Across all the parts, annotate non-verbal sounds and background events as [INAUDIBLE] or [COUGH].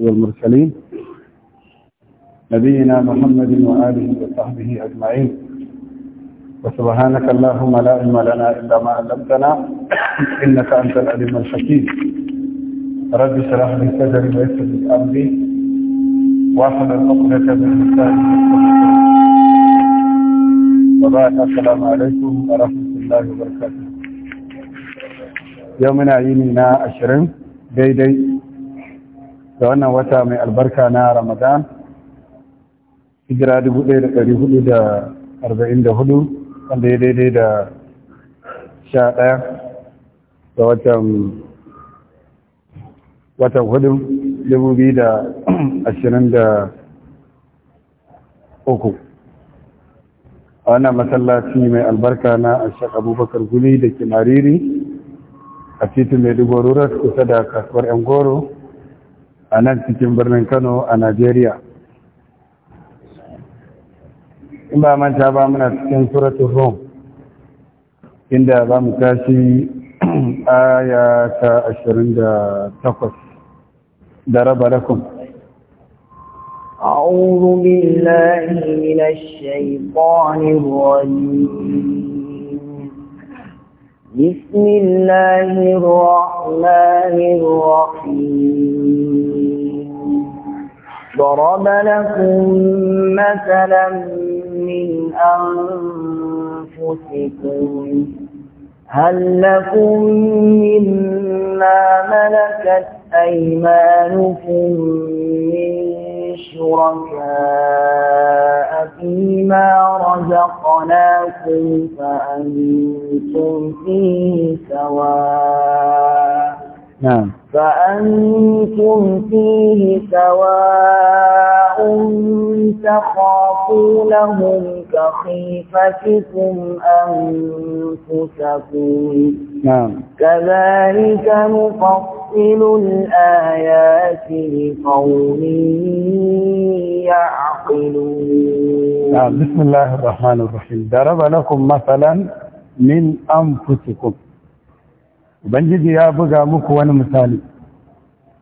والمرسلين نبينا محمد وآله وصحبه أجمعين وسبحانك اللهم لا علم لنا إلا ما علمتنا إنك أنت العليم الحكيم رب اشرح لي صدري ويسر لي أمري واحلل عقدة من لساني وبعد السلام عليكم ورحمة الله وبركاته يومنا يومنا عشرين بيدي da wannan wata mai albarka na ramadan hijira 1444 wanda ya daidai da 11 da watan watan hudu 2023 a wannan masallaci mai albarka na ashek abubakar guli da Kimariri a titin mai dubu kusa da kasuwar yan goro a nan cikin birnin kano a najeriya in ba manta ba muna cikin suratun rome inda za mu tashi [CLEARS THROAT] aya ta 28 da raba rakun أعوذ بالله من الشيطان الرجيم بسم الله الرحمن الرحيم ضرب لكم مثلا من أنفسكم هل لكم مما ملكت أيمانكم من شركاء فيما رزقناكم فأنتم فيه سواء نعم فأنتم فيه سواء تخافونهم كخيفتكم أنفسكم نعم كذلك نفصل الآيات لقوم يعقلون نعم بسم الله الرحمن الرحيم ضرب لكم مثلا من أنفسكم ubangiji ya buga muku wani misali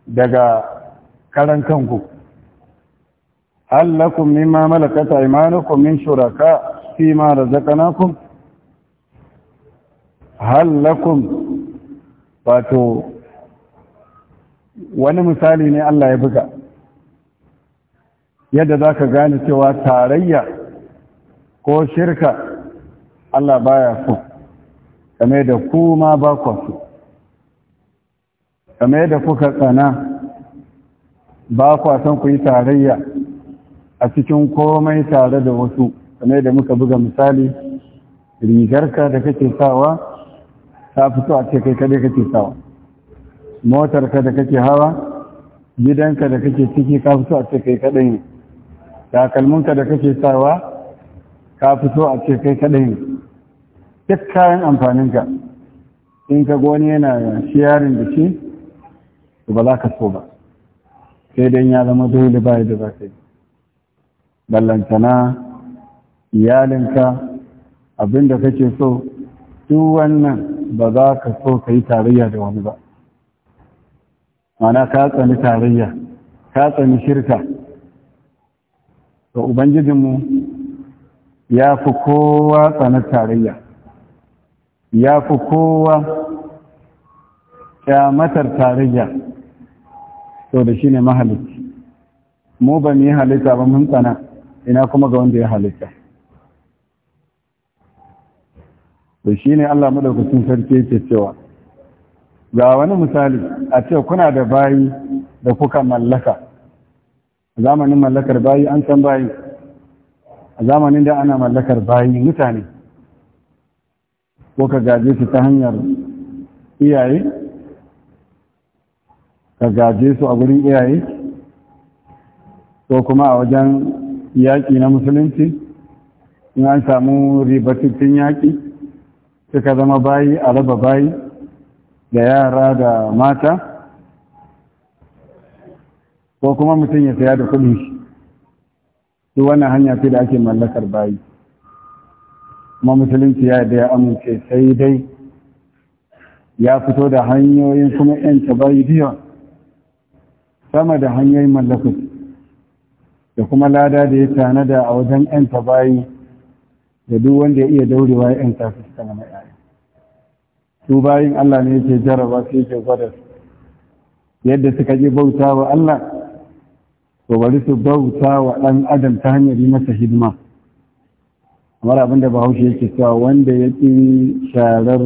daga karan kanku allakum mimma malakat aymanukum min shuraka fi ma razaqnakum hal lakum wato wani misali ne Allah ya buga yadda za ka gane cewa tarayya ko shirka Allah baya so game da kuma ba su. kama yadda kuka tsana ba kwa son ku yi tarayya a cikin komai tare da wasu kama yadda muka buga misali rigarka da kake sawa ta fito a cikin kai kadai kake sawa motarka da kake hawa gidanka da kake ciki ka fito a cikin kai kadai ne takalminka da kake sawa ka fito a cikin kai kadai ne duk kayan amfaninka in ka goni yana shiyarin da shi to ba za ka so ba sai dai ya zama dole ba da za ka yi ballantana iyalinka abinda kake so duk wannan ba za ka so ka yi tarayya da wani ba mana ka tsani tarayya ka tsani shirka to ubangijinmu ya fi kowa tsanar tarayya ya fi kowa ƙyamatar tarayya to da shi ne mahalicci mu ba mu yi halitta ba mun tsana ina kuma ga wanda ya halitta Da shi ne Allah madaukakin sarki yake cewa ga wani misali a ce kuna da bayi da kuka mallaka zamanin mallakar bayi an san bayi a zamanin da ana mallakar bayi mutane ko ka gaje su ta hanyar iyaye ka gaje su a wurin iyaye ko kuma a wajen yaƙi na musulunci in an samu ribatattun yaƙi suka zama bayi a raba bayi da yara da mata ko kuma mutum ya saya da kuɗi shi wannan hanya fi da ake mallakar bayi kuma musulunci ya da ya amince sai dai ya fito da hanyoyin kuma 'yanta bayi biyu sama da hanyar mallakar da kuma lada da ya tanada a wajen 'yanta bayi da duk wanda ya iya daurewa ya 'yanta su suka na ‘ya'ya su bayin Allah ne yake jarraba su yake gwada su. yadda suka ji bauta wa Allah to bari su bauta wa ɗan adam ta hanyar yi masa hidima kamar abinda bahaushe yake cewa wanda ya ƙi sharar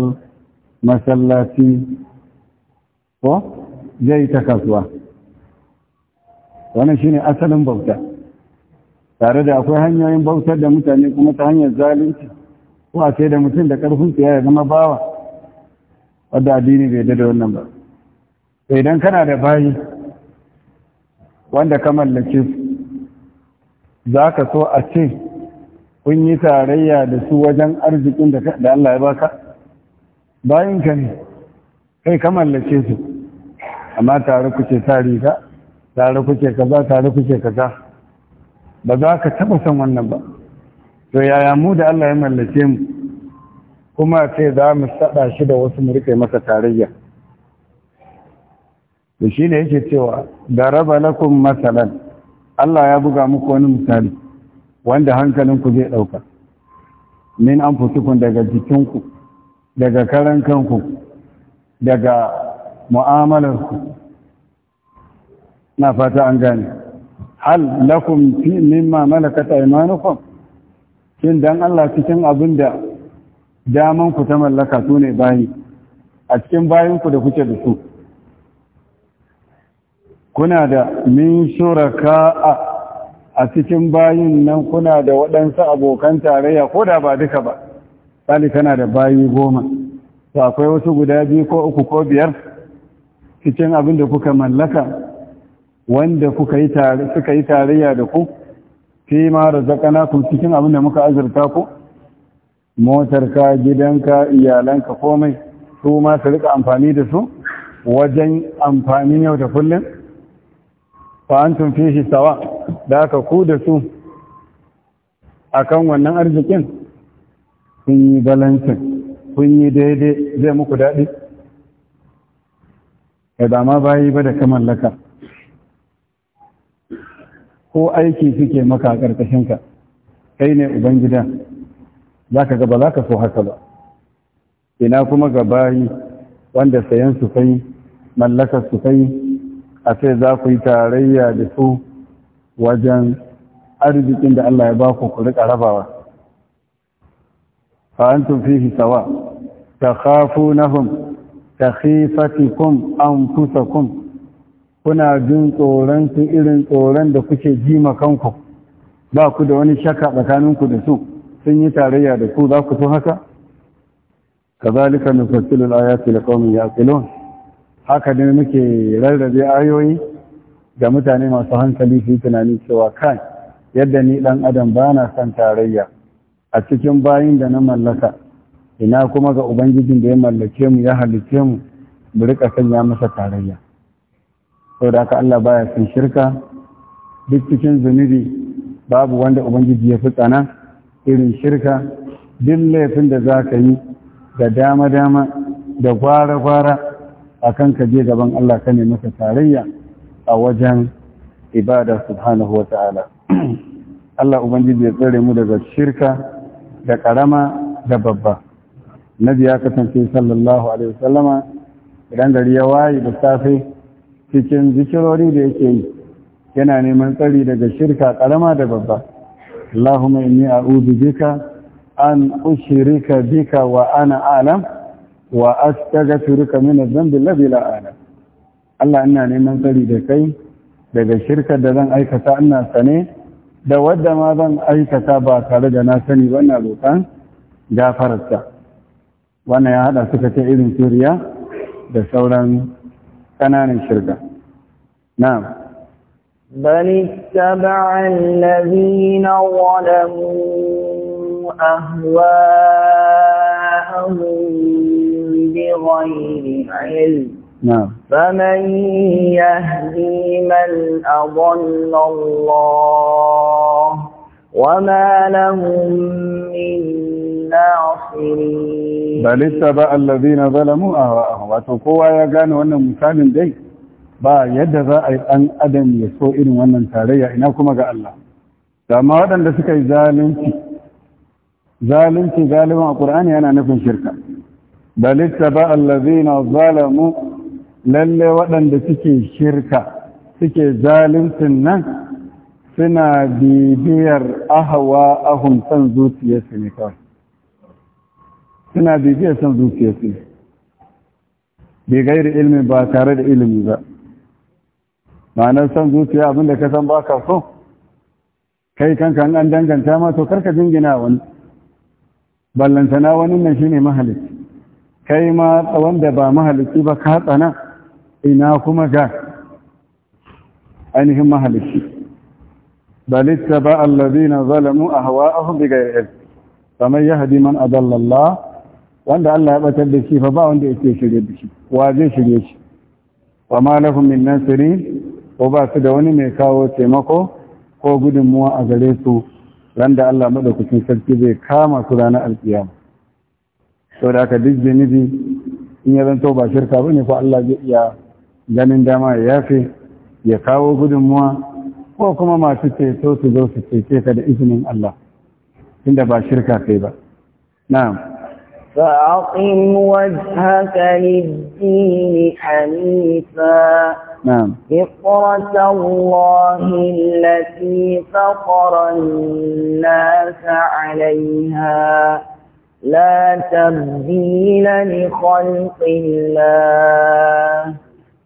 masallaci ko zai ta kasuwa wannan shine asalin bauta tare da akwai hanyoyin bautar da mutane kuma ta hanyar zalunci ko a sai da mutum da karfin ya zama bawa wadda addini bai da wannan ba sai idan kana da bayi wanda ka mallake su za ka so a ce kun yi tarayya da su wajen arzikin da Allah ya baka bayinka ne kai ka mallake su amma tare ce ta riga tare kuke kaza tare kuke kaza ba za ka taɓa son wannan ba to yaya mu da Allah ya mallake mu kuma sai za mu saɗa shi da wasu mu rike masa tarayya da shi ne yake cewa da raba lakum masalan Allah ya buga muku wani misali wanda hankalinku zai ɗauka min an fitukun daga jikinku daga karan kanku daga mu'amalarku na fata an gane hal lakum fi mimma malakat aymanukum kin dan Allah cikin abin da daman ku ta mallaka su ne bayi a cikin bayin ku da kuke da su kuna da min shuraka a cikin bayin nan kuna da waɗansu abokan tarayya ko da ba duka ba tsali kana da bayi goma to akwai wasu guda biyu ko uku ko biyar cikin abin da kuka mallaka wanda suka yi tarayya da ku fi ma razaqnakum cikin abin da muka azurta ku motarka gidanka iyalanka komai su ma su rika amfani da su wajen amfanin yau da kullum fa'antun fi shi sawa da aka ku da su akan wannan arzikin kun yi balancin kun yi daidai zai muku daɗi ya dama bayi ba da ka mallaka ko aiki suke maka a ƙarƙashinka kai ne ubangida za ka gaba za ka so haka ba ina kuma ga bayi wanda sayan su kai mallaka su kai a sai za ku yi tarayya da su wajen arzikin da Allah ya ba ku ku riƙa rabawa fa antum fihi sawa takhafunahum takhifatikum anfusakum kuna jin tsoron su irin tsoron da kuke ji kanku ba ku da wani shaka tsakaninku da su sun yi tarayya da ku za ku so haka kazalika nufassilul ayati ya yaqilun haka ne muke rarrabe ayoyi da mutane masu hankali su yi tunani cewa kan yadda ni dan adam ba na son tarayya a cikin bayin da na mallaka ina kuma ga ubangijin da ya mallake mu ya halice mu mu rika sanya masa tarayya saboda haka Allah baya son shirka duk cikin zunubi babu wanda ubangiji ya fi tsana irin shirka duk laifin da za ka yi da dama-dama da gwara-gwara a kan ka je gaban Allah ka ne masa tarayya a wajen ibada subhanahu wa ta'ala [CLEARS THROAT] Allah ubangiji ya tsare mu daga shirka da karama da babba nabi ya kasance sallallahu alaihi wasallama idan gari ya waye da safe cikin zikirori da yake yi yana neman tsari daga shirka karama da babba Allahumma inni a'udhu bika an ushrika bika wa ana a'lam wa astaghfiruka min adh-dhanbi alladhi la a'lam Allah ina neman tsari da kai daga shirka da zan aikata ina sane da wadda ma zan aikata ba tare da na sani wannan roƙon gafararsa wannan ya hada suka ta irin suriya da sauran ƙananan shirka نعم بل اتبع الذين ظلموا أهواءهم بغير علم نعم فمن يهدي من أضل الله وما لهم من الناصرين بل اتبع الذين ظلموا اهواءهم وتقوى يا غان wannan misalin dai ba yadda za a yi dan adam ya so irin wannan tarayya ina kuma ga Allah amma waɗanda suka yi zalunci zalunci galiban a ƙur'ani yana nufin shirka bal ittaba allazina zalamu lalle waɗanda suke shirka suke zaluncin nan suna bibiyar ahawa ahun san zuciyarsu ne kawai suna bibiyar son zuciyarsu bai gairi ilmi ba tare da ilimi ba ma'anar son zuciya abinda ka san ba ka so kai kanka an danganta ma to karka jingina wani ballantana wani nan shine mahalici kai ma wanda ba mahalici ba ka tsana ina kuma ga ainihin mahalici balista ba allazina zalamu ahwa'ahum bighayri ilm faman yahdi man adalla Allah wanda Allah ya batar da shi fa ba wanda yake shirye da shi wa zai shirye shi wa ma lahum min nasiri ko ba su da wani mai kawo taimako ko gudunmuwa a gare su ran da Allah madaukakin sarki zai kama su ranar alkiyama to da ka duk zunubi in ya zanto ba shirka bane ko Allah zai iya ganin dama ya yafe ya kawo gudunmuwa ko kuma masu ceto su zo su cece ka da izinin Allah tunda ba shirka kai ba na'am فأقم وجهك للدين حنيفا نعم فطرة الله التي فطر الناس عليها لا تبديل لخلق الله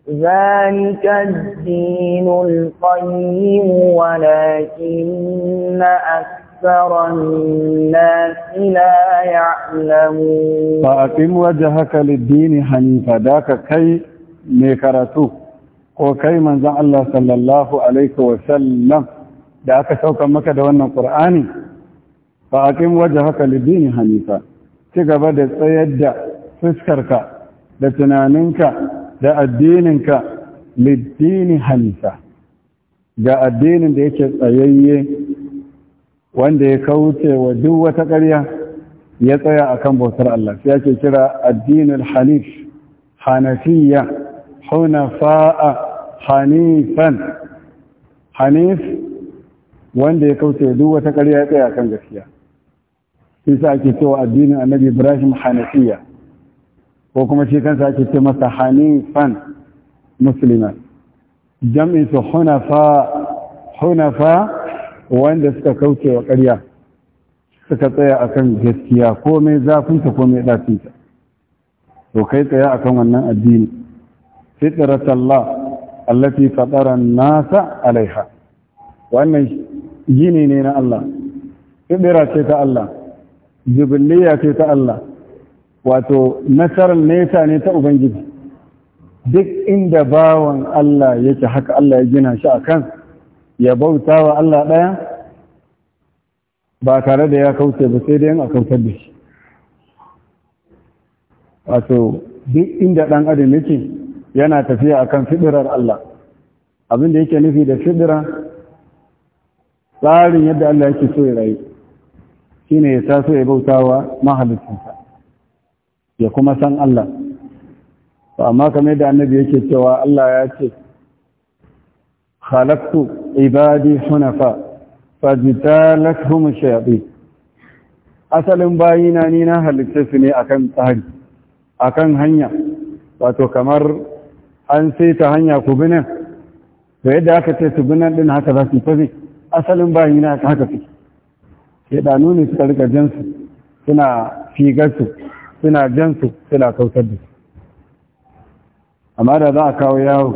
ذلك الدين القيم ولكن أكثر أكثر الناس لا يعلمون فأقم وجهك للدين حنيفا ذاك كي ميكرتو وكي من زع الله صلى الله عليه وسلم ذاك سوك مكة دون القرآن فأقم وجهك للدين حنيفا تقبل تسيد فسكرك لتنانك لأدينك للدين حنيفا ga addinin da yake tsayayye wanda ya kauce wa duk wata ƙarya ya tsaya a kan bautar Allah sai ake kira addinul hanif hanafiya hunafa'a hanifan hanif wanda ya kauce wa duk wata ƙarya ya tsaya a kan gaskiya sai sa ake cewa addinin annabi Ibrahim hanafiya ko kuma shi kansa ake ce masa hanifan musliman jam'i su hunafa hunafa wanda suka kauce wa ƙarya suka tsaya akan gaskiya komai zafinta komai ɗafinta to kai tsaya akan wannan addini Allah allati fatara nasa alaiha wannan gini ne na Allah fitra ce ta Allah jibiliya ce ta Allah wato nasarar nesa ne ta ubangiji duk inda bawan Allah yake haka Allah ya gina shi a akan ya bauta wa Allah ɗaya ba tare da ya kauce ba sai dai a kautar da shi wato duk inda ɗan adam yake yana tafiya akan fiɗirar Allah abinda yake nufi da fiɗira tsarin yadda Allah yake so ya rayu shine ya taso ya bauta wa mahalicinsa ya kuma san Allah amma kamar da annabi yake cewa Allah ya ce خلقت عبادي حنفاء فاجتالتهم الشياطين asalin bayina ni na halitta su ne akan tsari akan hanya wato kamar an saita hanya ku binan to yadda aka ce su binan din haka za su tafi asalin bayina haka su ke da nuni suka rika jansu suna figarsu suna jansu suna kautar da su amma da za a kawo yawo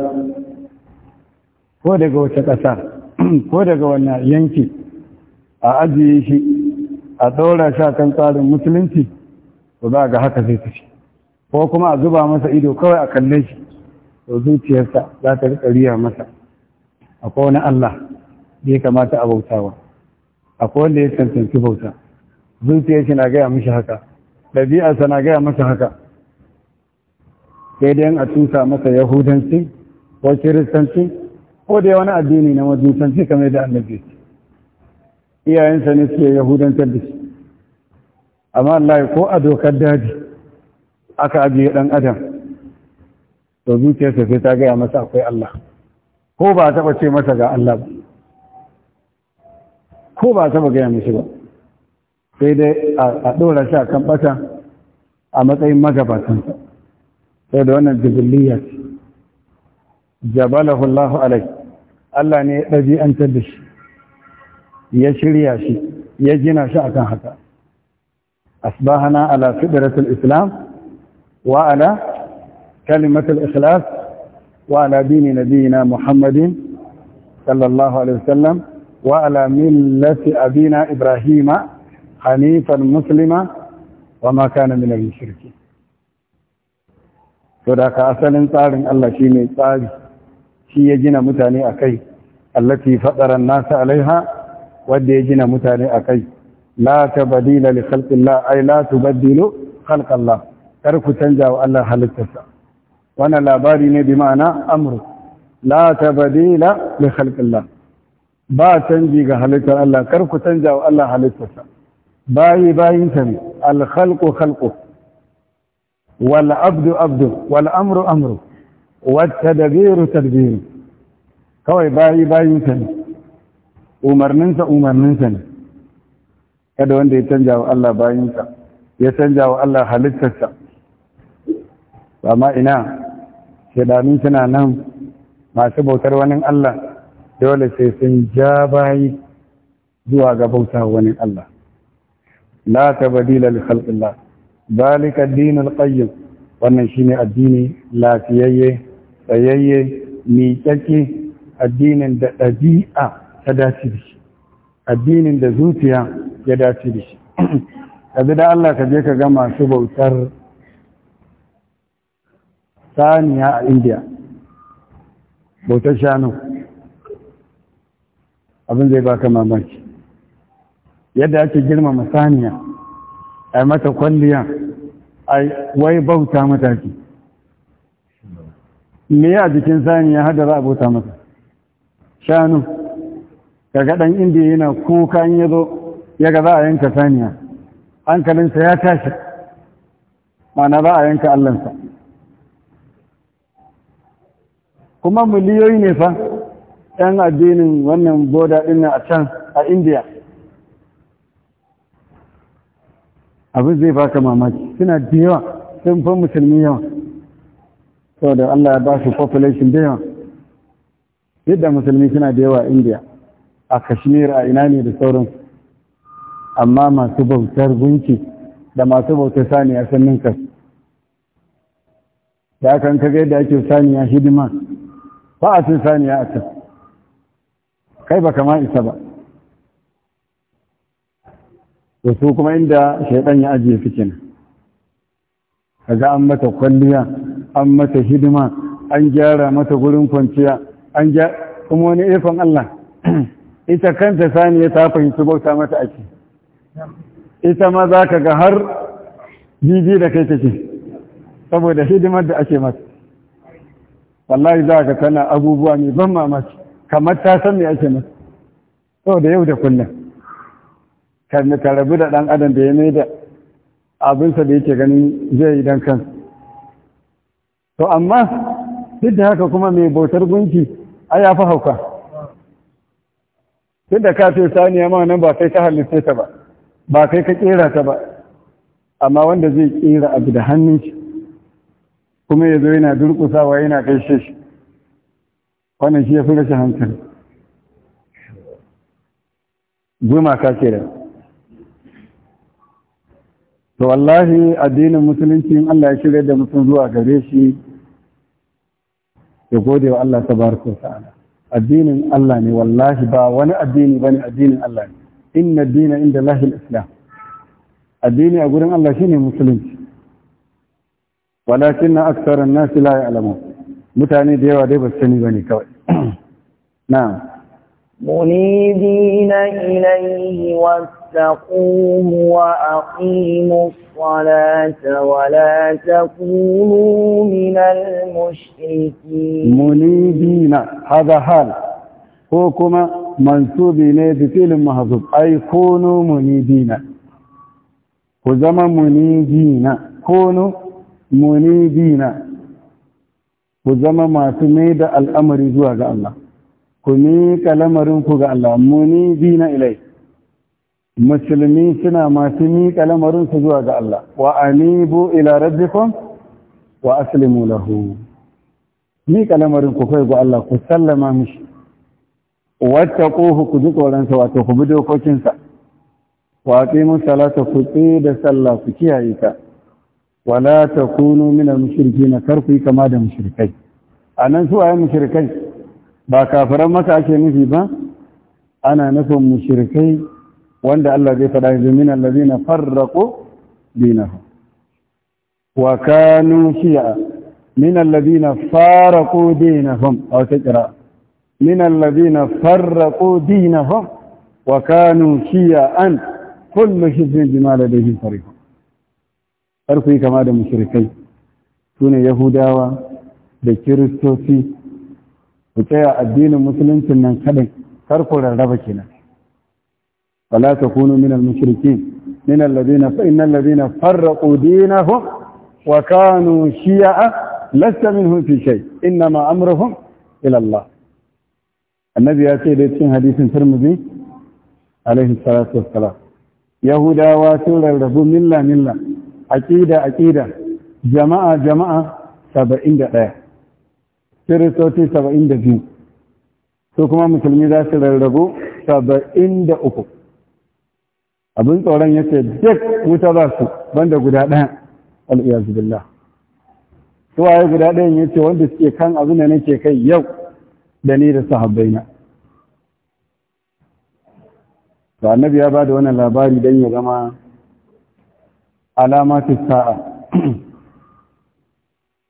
ko daga wata ƙasa [CLEARS THROAT] ko daga wannan yanki a ajiye shi a shi a kan tsarin musulunci to za ga haka zai tafi ko kuma a zuba masa ido kawai a kalle shi to zuciyarsa za ta riƙa riya masa akwai wani Allah da ya kamata a bautawa akwai wanda ya cancanci bauta zuciyar shi na gaya mishi haka ɗabi'arsa na gaya masa haka sai dai a tusa masa yahudanci ko kiristanci ko da wani addini na majusanci kamar da annabi iyayensa ne suke yahudantar da shi amma Allah ko a dokar daji aka ajiye dan adam to zuciyarsa sai ta gaya masa akwai Allah ko ba taɓa ce masa ga Allah ba ko ba taɓa gaya mishi ba sai dai a ɗora shi a kan ɓata a matsayin magabatansa sai da wannan jibiliya ce جبله الله عليه الله ني دجي انت دش يا شريا شي يا جنا شاكان حتى اصبحنا على فدره الاسلام وعلى كلمه الاخلاص وعلى دين نبينا محمد صلى الله عليه وسلم وعلى مله ابينا ابراهيم حنيفا مسلما وما كان من المشركين. فذاك اصلا صار الله شيء صار shi ya gina mutane a kai allati fadaran nasa alaiha wadda ya gina mutane a kai la tabdila li khalqillah ay la tubaddilu khalqallah kar ku canja wa Allah halittarsa wannan labari ne bi ma'ana amru la tabdila li khalqillah ba canji ga halittar Allah kar ku canja wa Allah halittarsa bayi bayin ta ne al khalqu khalqu wal abdu abdu wal amru amru wata dabiru kawai bayi bayinsa ne umarninsa umarninsa ne kada wanda ya canja wa Allah bayinsa ya canja wa Allah halittarsa amma ina shaidanun suna nan masu bautar wani Allah dole sai sun ja bayi zuwa ga bauta wani Allah la tabdila li khalqillah zalika ad-din al-qayyim wannan shine addini lafiyayye tsayayye miƙaƙe addinin da ɗabi'a ta dace da shi addinin da zuciya ya dace da shi [CLEARS THROAT] yanzu da Allah ka je ka ga masu bautar saniya a indiya bautar shanu abin zai baka mamaki yadda ake girmama saniya a mata kwalliya a wai bauta mataki me a jikin saniya har da za a bota masa shanu kaga dan indiya yana kuka in yazo ya ga za a yanka saniya hankalinsa ya tashi mana za a yanka allansa kuma miliyoyi ne fa yan addinin wannan boda ɗin a can a indiya abin zai baka mamaki suna da yawa sun fi musulmi yawa saboda Allah ya ba shi population da yawa yadda musulmi suna da yawa India a Kashmir a ina ne da sauran amma masu bautar gunki da masu bautar saniya sun ninka da aka an kaga yadda ake saniya hidima ba a sun saniya a can kai ba kama isa ba da su kuma inda shaidan ya ajiye fikin Ka kaga an mata kwalliya an mata hidima an gyara mata gurin kwanciya an ja kuma wani ikon Allah [CLEARS THROAT] ita kanta saniya ta fahimci bauta mata ake ita ma za ka ga har bibi da kai take saboda hidimar da ake mata wallahi za ka tana abubuwa mai ban mamaki kamar ta san me ake mata da yau da kullum ka rabu da ɗan adam da ya mai da abinsa da yake ganin zai yi don kansa to amma duk da haka kuma mai bautar gunki a ya fi hauka duk da ka ce saniya ma nan ba kai ka halitta ta ba ba kai ka kera ta ba amma wanda zai kera abu da hannun shi kuma ya zo yana wa yana kai shi wannan shi ya fi rashin hankali zuma ka kera to wallahi addinin musulunci in Allah ya shirya da mutum zuwa gare shi ya gode wa Allah ta wa ta'ala addinin Allah ne wallahi ba wani addini bane addinin Allah ne inna dina inda lahil al-islam addini a gurin Allah shine musulunci walakinna aktharan nasi la ya'lamun mutane da yawa dai ba su sani bane kawai [CLEARS THROAT] na'am منيبين إليه واتقوه وأقيموا الصلاة ولا تكونوا من المشركين منيبين هذا حال هو منسوب إليه بفعل محذوف أي كونوا منيبين وزما منيبين كونوا منيبين وزما ما سمي الأمر زوج الله ku miƙa lamarinku ga Allah muni dina ilai musulmi suna masu miƙa lamarinsu zuwa ga Allah wa anibu ila rabbikum wa aslimu lahu miƙa lamarinku kai ga Allah ku sallama mishi wattaquhu ku ji tsoronsa wato ku bi dokokinsa wa aqimu salata ku da sallah ku kiyaye ta wala takunu minal mushrikeena kar ku yi kama da mushrikai anan su ayi mushrikai ba kafiran maka ake nufi ba ana nufin mushrikai wanda Allah zai faɗa yanzu min allazina farraqu dinahum wa kanu shi'a min allazina farraqu dinahum aw taqra min allazina farraqu dinahum wa kanu shi'an kullu hizbin bima ladayhim farihun karfi kama da mushrikai sune yahudawa da kiristoci ku tsaya addinin musuluncin nan kadai kar ku rarraba kenan wala takunu ta mushrikin min alladhina fa innal ladhina farraqu dinahum wa kanu shi'a lasta minhum fi shay inma amruhum ila Allah annabi ya ce da cikin hadisin Tirmidhi alaihi salatu wassalam yahudawa sun rarrabu milla milla aqida aqida jama'a jama'a saba'in da ɗaya. kiristoci saba'in da biyu su kuma musulmi za su rarrabu saba'in da uku abin tsoron ya ce duk wuta ba su banda guda ɗaya al'iyazu billah waye guda ɗaya ya ce wanda suke kan abin da nake kai yau da ni da sahabbaina ba annabi ya ba da wannan labari don ya zama alamatis sa'a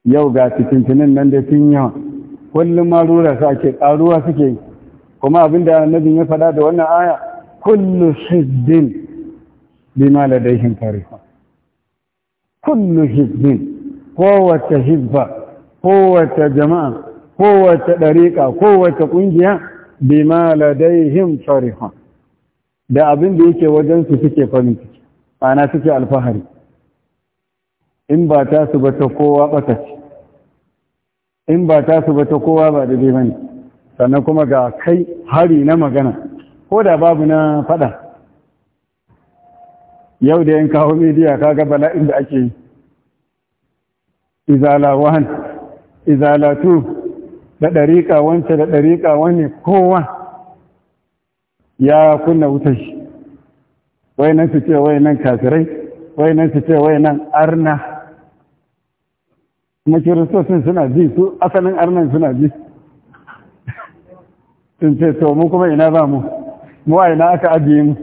yau ga cikincinin nan da sun yawa kullum marura su ake ƙaruwa suke yi kuma abinda annabi ya faɗa da wannan aya kullu hizbin bima ladaihim farihun kullu hizbin kowace hizba kowace jama'a kowace ɗariƙa kowace ƙungiya bima ladaihim farihun da abin da yake wajen su suke farin ciki ana suke alfahari in ba ta su ba ta kowa ɓata ce in ba ta su ba ta kowa ba da ba ne sannan kuma ga kai hari na magana ko da babu na faɗa yau da yin kawo midiya ka ga bala'in da ake yi izala wahan izala tu da ɗariƙa wance da ɗariƙa wani kowa ya kunna wutar shi wai nan su ce wai nan kafirai wai nan su ce wai nan arna kuma kiristocin suna ji su asalin arnan suna ji sun ce to mu kuma ina ba mu mu a ina aka ajiye mu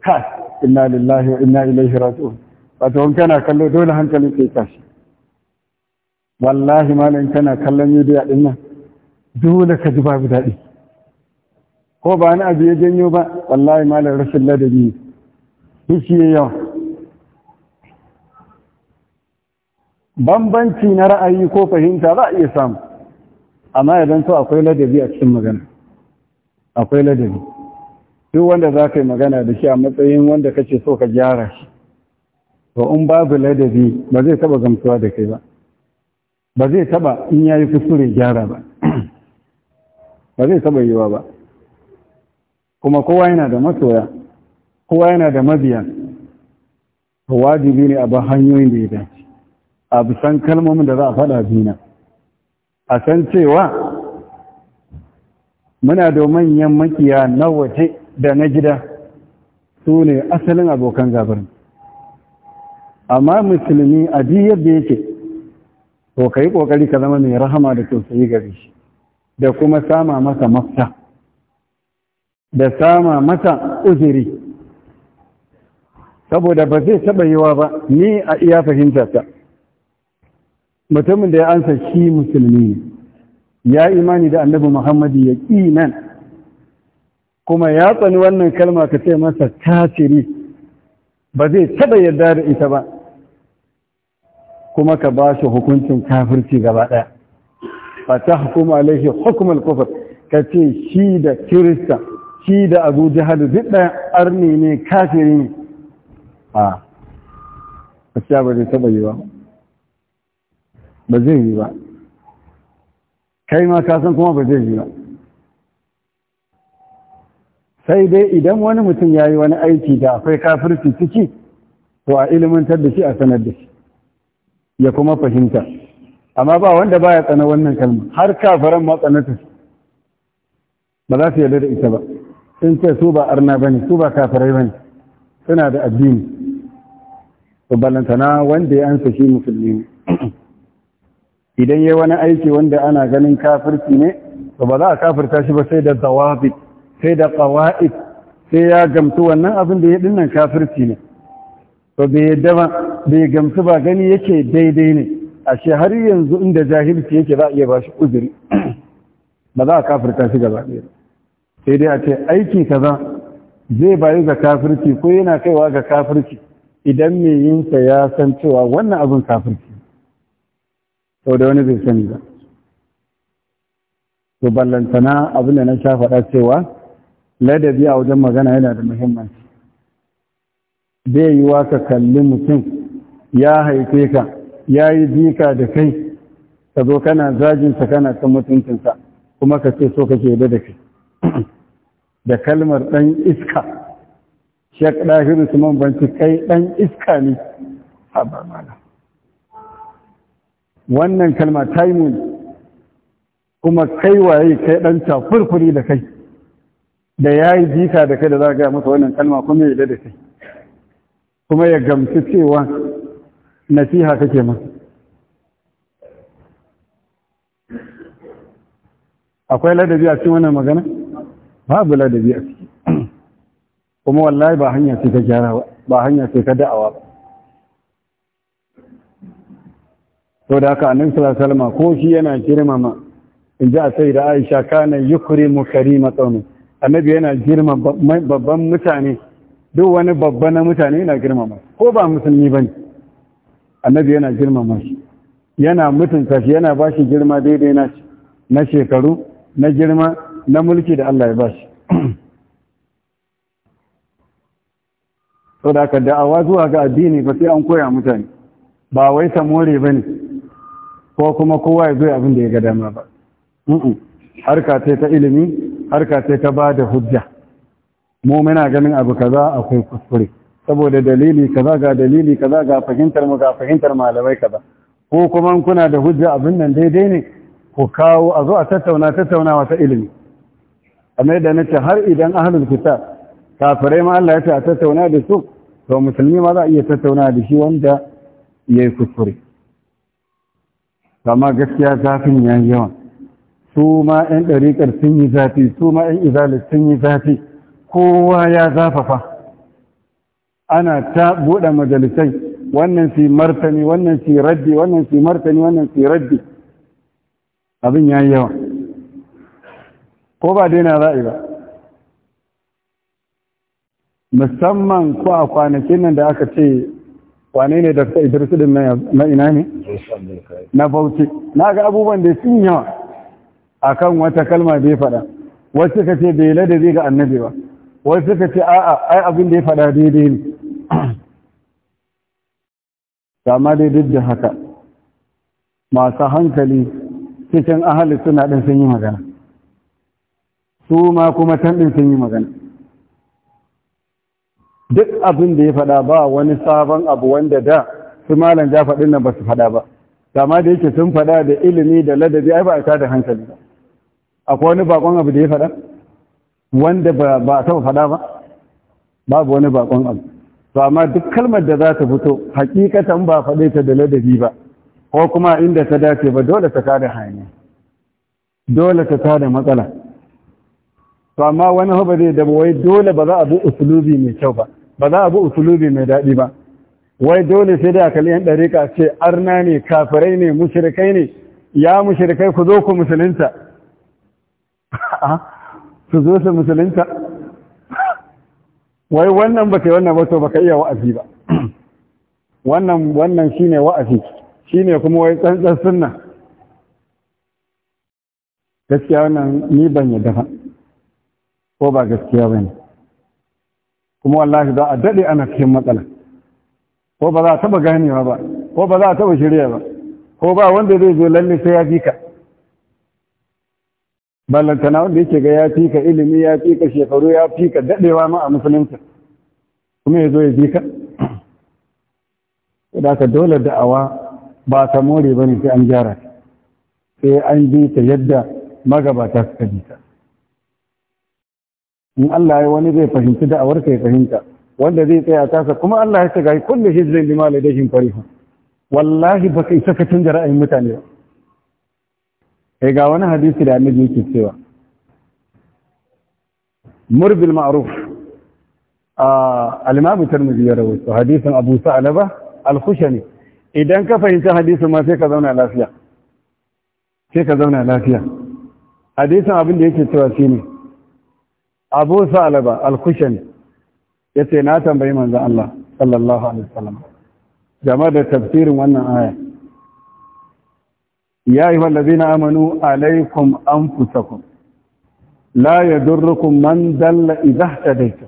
ha [LAUGHS] inna lillahi wa inna ilaihi raji'un wato in kana kallo dole hankali ke tashi wallahi malam kana kallon midiya din nan dole ka ji babu daɗi ko ba ni abu ya janyo ba wallahi malam rashin ladabi shi yawa bambanci na ra'ayi ko fahimta za a iya samu amma ya zanto akwai ladabi a cikin magana akwai ladabi duk wanda za ka yi magana da shi a matsayin wanda kace so ka gyara shi to in babu ladabi ba zai taba gamsuwa da kai ba ba zai taba in ya yi kusure gyara ba [CLEARS THROAT] ba zai taba yiwa ba kuma kowa yana da masoya kowa yana da mabiya wajibi ne a ba hanyoyin da ya dace a bisan kalmomin da za a faɗa fina a san cewa muna da manyan makiya na waje da na gida su ne asalin abokan gabar amma musulmi a yadda yake to ka yi ƙoƙari ka zama mai rahama da tausayi gari shi da kuma sama masa mafta da sama masa uzuri saboda ba zai taɓa yiwa ba ni a iya fahimtarsa mutumin da ya ansa shi musulmi ne ya imani da annabi muhammadu ya ƙi nan kuma ya tsani wannan kalma ka ce masa kafiri ba zai taɓa yarda da ita ba kuma ka ba shi hukuncin kafirci gaba ɗaya ba ta hukuma alaihi hukumar kufar ka ce shi da kirista shi da abu jihar duk ɗaya arni ne kafiri ne a ba zai taɓa yi ba ba zai yi ba kai ma ka kuma ba zai yi ba sai dai idan wani mutum ya yi wani aiki da akwai kafirci ciki to a ilimantar da shi a sanar da shi ya kuma fahimta amma ba wanda ba ya tsana wannan kalma har kafaran ma tsanata ba za su yarda da ita ba sun ce su ba arna ba ne su ba kafarai ba ne suna da addini to ballantana wanda ya ansa shi musulmi [CLEARS THROAT] idan yi wani aiki wanda ana ganin kafirci ne to ba za a kafirta shi ba sai da zawabit sai da kawa'id sai ya gamsu wannan abin da ya dinnan kafirci ne to bai yadda ba bai gamsu ba gani yake daidai ne ashe har yanzu inda jahilci yake za a iya bashi uzuri [CLEARS THROAT] ba za a kafirta shi gaba ɗaya sai dai a ce aiki kaza zai bayu ga kafirci ko yana kaiwa ga kafirci idan mai yinsa ya san cewa wannan abin kafirci sau da wani bai sani ba to ballantana abin da na sha faɗa cewa ladabi a wajen magana yana da muhimmanci bai yi wa ka kalli mutum ya haife ka ya yi bika da kai ka zo kana zajinsa kana kan mutuncinsa kuma ka ce so kake da da kai [CLEARS THROAT] da kalmar ɗan iska shek ɗahir usman banci kai ɗan iska ne a ba wannan kalma ta yi muni kuma kai waye kai dan tafurfuri da kai da ya yi jika da kai da za a gaya masa wannan kalma kuma ya da kai kuma ya gamsu cewa nasiha kake masa akwai ladabi a cikin wannan magana babu ladabi a ciki [CLEARS THROAT] kuma wallahi ba hanya ce ka gyara ba hanya ce ka da'awa ba sau da haka annabi sallallahu alaihi wasallam ko shi yana girmama in ji a sai da aisha kana yukrimu karima qawmi annabi yana girma babban mutane duk wani babba na mutane yana girmama ko ba musulmi bane annabi yana girmama shi yana mutunta shi yana ba shi girma daidai na shi na shekaru na girma na mulki da Allah ya ba shi to da ka da'awa zuwa ga addini ba sai an koya mutane ba wai samore ba ne ko kuma kowa ya zo abin da ya ga dama ba harka ce ta ilimi harka ce ta ba da hujja mu muna ganin abu kaza akwai kuskure saboda dalili kaza ga dalili kaza ga fahimtar mu ga fahimtar malamai kaza ko kuma kuna da hujja abin nan daidai ne ku kawo a zo a tattauna tattaunawa ta ilimi amma da ce har idan ahlul kitab kafirai ma Allah ya ce a tattauna da su to musulmi ma za a iya tattauna da shi wanda yayi kuskure amma gaskiya zafin ya yi yawan. su ma 'yan ɗariƙar sun yi zafi su ma 'yan izalis sun yi zafi kowa ya zafafa ana ta buɗe majalisai wannan fi martani wannan fi raddi wannan fi martani wannan fi raddi abin ya yi yawa ko ba daina za'i ba musamman ko a kwanakin nan da aka ce wane ne da idris din na ina ne na bauchi na ga abubuwan da sun yawa akan wata kalma da ya faɗa wasu suka ce bai ladabi ga annabi ba wasu suka ce a'a ai abin da ya faɗa daidai ne amma dai duk da haka masu hankali cikin ahalin suna dan sun yi magana su ma kuma can din sun yi magana duk abin da ya faɗa ba wani sabon abu wanda da su malam ja faɗin nan ba su faɗa ba dama da yake sun faɗa da ilimi da ladabi ai ba a da hankali ba akwai wani bakon abu da ya faɗa wanda ba a taɓa faɗa ba babu wani bakon abu to amma duk kalmar da za ta fito hakikatan ba faɗe ta da ladabi ba ko kuma inda ta dace ba dole ta tada hanya dole ta tada matsala to amma wani ba zai dabo wai dole ba za a bi usulubi mai kyau ba ba za a bi usulubi mai daɗi ba wai dole sai da kalli yan ɗariƙa ce arna ne kafirai ne mushrikai ne ya mushrikai ku zo ku musulunta [LAUGHS] ah, su zo su musulunta [LAUGHS] wai wannan ba kai wannan ba to baka iya wa'azi ba [CLEARS THROAT] wannan wannan shine wa'azi shine kuma wai tsantsan sunna gaskiya wannan ni ban yadda ko ba gaskiya bane kuma wallahi za a daɗe ana cikin matsala ko ba za a taɓa ganewa ba ko ba za a taɓa shirya ba ko ba wanda zai zo lalle sai ya fi ka ballantana wanda yake ga ya fi ka ilimi ya fi ka shekaru ya fi ka daɗewa ma a musulunta kuma ya zo ya fi ka da ka dole da'awa ba ta more ba ne sai an gyara sai an bi ta yadda magabata suka bi ta in Allah ya wani zai fahimci da'awar ka ya fahimta wanda zai tsaya tasa kuma Allah ya ce ga kullu hizbin bima ladayhim farihun wallahi ba kai saka canja ra'ayin mutane ba kai eh, ga wani hadisi da annabi yake cewa murbil ma'ruf ah, al-imam tirmidhi ya rawaito hadisin abu sa'laba al-khushani idan ka fahimci hadisin ma sai ka zauna lafiya sai ka zauna lafiya hadisin abin da yake cewa shine abu salaba al-kushani ya ce na tambayi manzan Allah sallallahu alaihi wasallam game da tafsirin wannan aya ya yi wallazi na amanu alaikum an fusakun la ya durrukun man dalla idahta daita